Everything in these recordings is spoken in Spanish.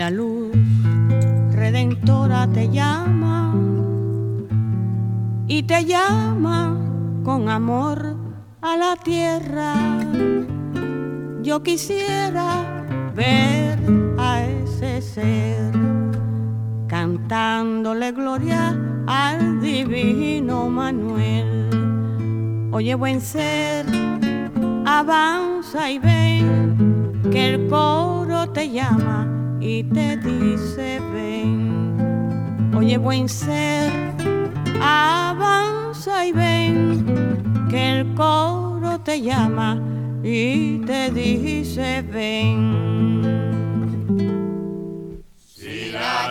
la luz redentora te llama y te llama con amor a la tierra. Yo quisiera ver a ese ser cantándole gloria al divino Manuel. Oye buen ser, avanza y ven que el coro te llama y te dice ven. Oye buen ser, avanza y ven, que el coro te llama y te dice ven. Si la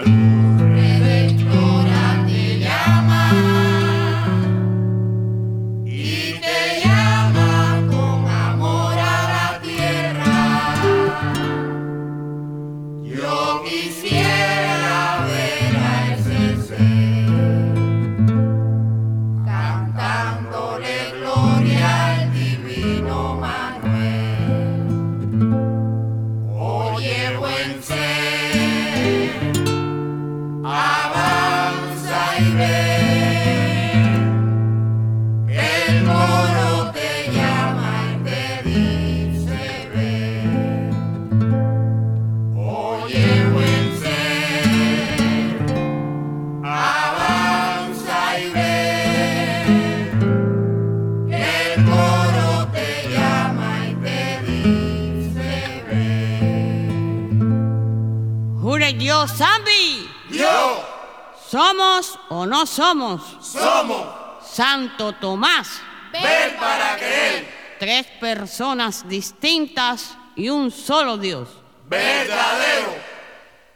¿Somos o no somos? Somos. Santo Tomás. Ven para creer. Tres personas distintas y un solo Dios. Verdadero.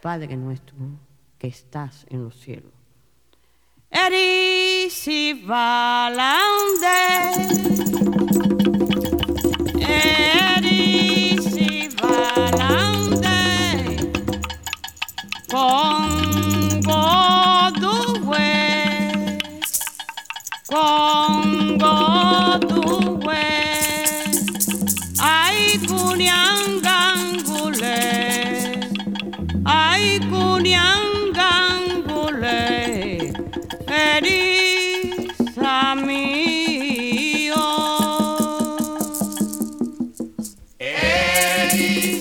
Padre nuestro que estás en los cielos. see.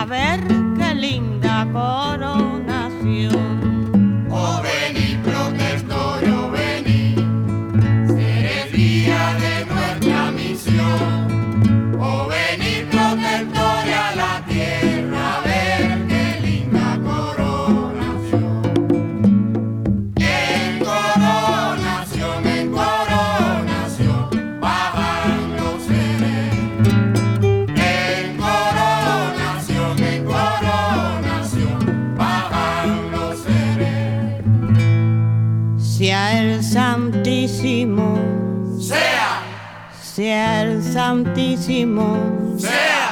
A ver qué linda coro. sea el Santísimo, sea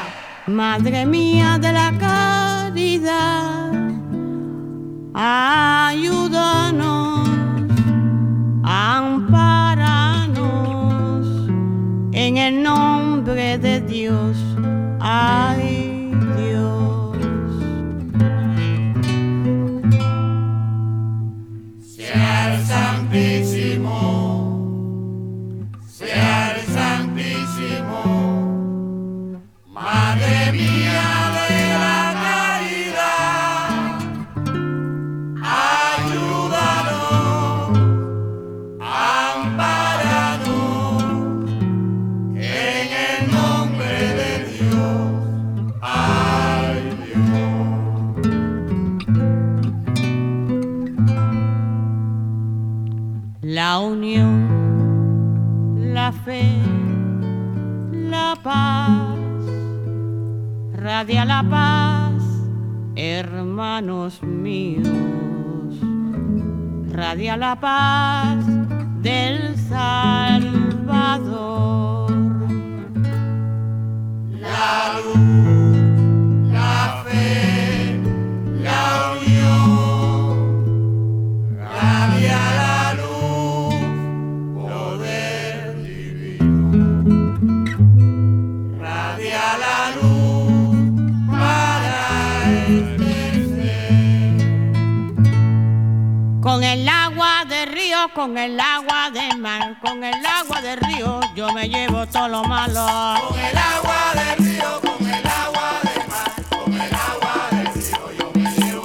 Madre mía de la caridad, ayúdanos, amparanos en el nombre de Dios. la unión, la fe, la paz. Radia la paz, hermanos míos. Radia la paz con el agua de mar, con el agua del río, yo me llevo todo lo malo. Con el agua del río, con el agua de mar, con el agua del río,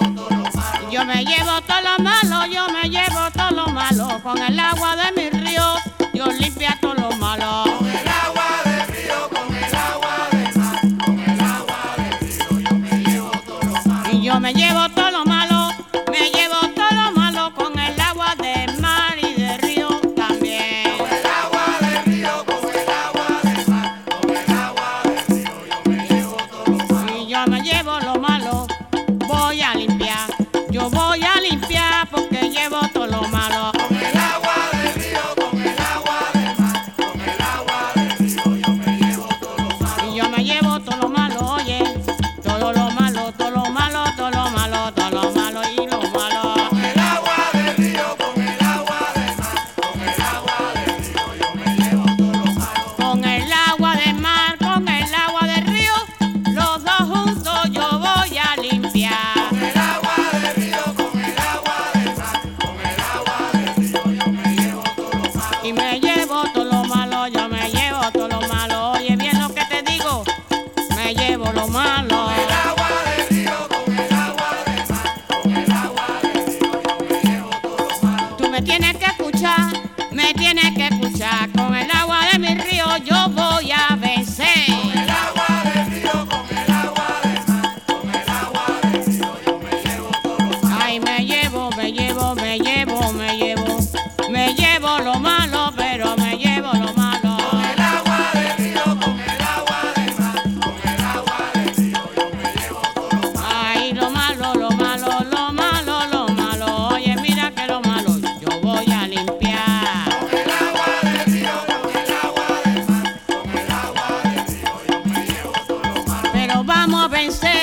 yo me llevo todo lo malo. Yo me llevo todo lo malo, yo me llevo todo lo malo, con el agua de mi río, yo limpia todo lo malo. Con el agua del río, con el agua de mar, con el agua del río, yo me llevo todo lo malo. Y yo me llevo Tiene que escuchar. Con el agua de mi río yo voy. vamos vencer.